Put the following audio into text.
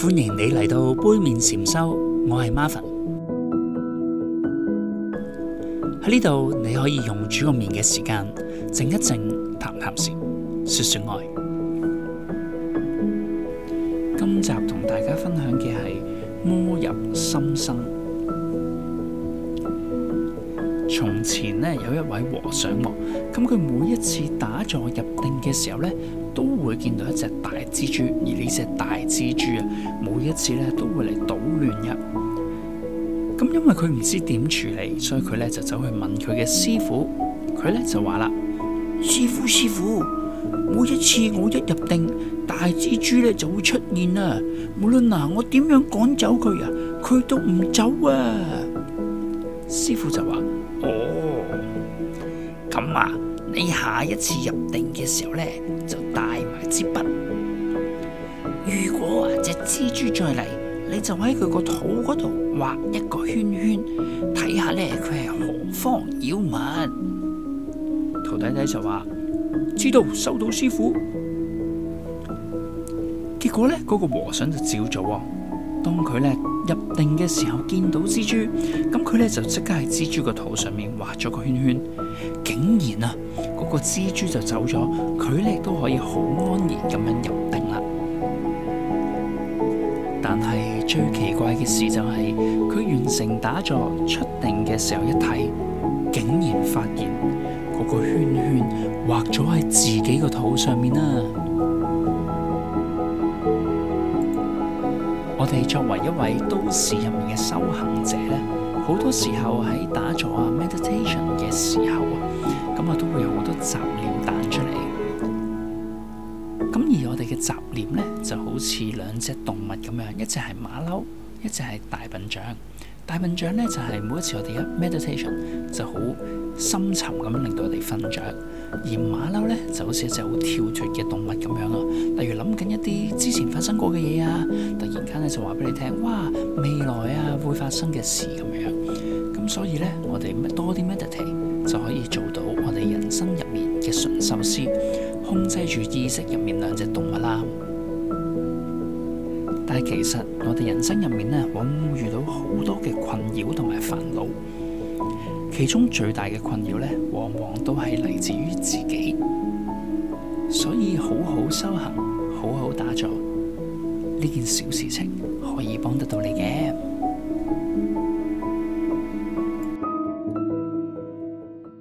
歡迎你嚟到杯麵禪修，我係 Marvin。喺呢度你可以用煮個麵嘅時間靜一靜，談談心，説説愛。今集同大家分享嘅係魔入心生。從前呢有一位和尚，咁佢每一次打坐入定嘅時候呢，都會見到一隻大蜘蛛，而呢隻大蜘蛛啊，每一次呢都會嚟搗亂嘅。咁因為佢唔知點處理，所以佢呢就走去問佢嘅師傅，佢呢就話啦：師傅，師傅，每一次我一入定，大蜘蛛呢就會出現啊，無論嗱我點樣趕走佢啊，佢都唔走啊。師傅就話。啊、你下一次入定嘅時候呢，就帶埋支筆。如果啊隻蜘蛛再嚟，你就喺佢個肚嗰度畫一個圈圈，睇下呢佢係何方妖物。徒弟仔就話，知道，收到師傅。結果呢嗰、嗰個和尚就照咗。當佢咧入定嘅時候見到蜘蛛，咁佢咧就即刻喺蜘蛛個肚上面畫咗個圈圈，竟然啊嗰個蜘蛛就走咗，佢咧都可以好安然咁樣入定啦。但係最奇怪嘅事就係佢完成打坐出定嘅時候一睇，竟然發現嗰個圈圈畫咗喺自己個肚上面啦。我哋作為一位都市入面嘅修行者呢，好多時候喺打坐啊、meditation 嘅時候啊，咁啊都會有好多雜念彈出嚟。咁而我哋嘅雜念呢，就好似兩隻動物咁樣，一隻係馬騮，一隻係大笨象。大笨象呢，就係每一次我哋一 meditation 就好深沉咁令到我哋瞓着，而馬騮呢就好似一隻好跳脫嘅動物咁樣啊。例如諗緊一啲之前發生過嘅嘢啊，突然間呢就話俾你聽，哇，未來啊會發生嘅事咁樣。咁所以呢，我哋多啲 meditate 就可以做到我哋人生入面嘅馴獸師，控制住意識入面兩隻動物啦。但係其實我哋人生入面呢，往往遇到好多嘅困擾同埋煩惱。其中最大嘅困擾咧，往往都係嚟自於自己，所以好好修行，好好打坐呢件小事情，可以幫得到你嘅。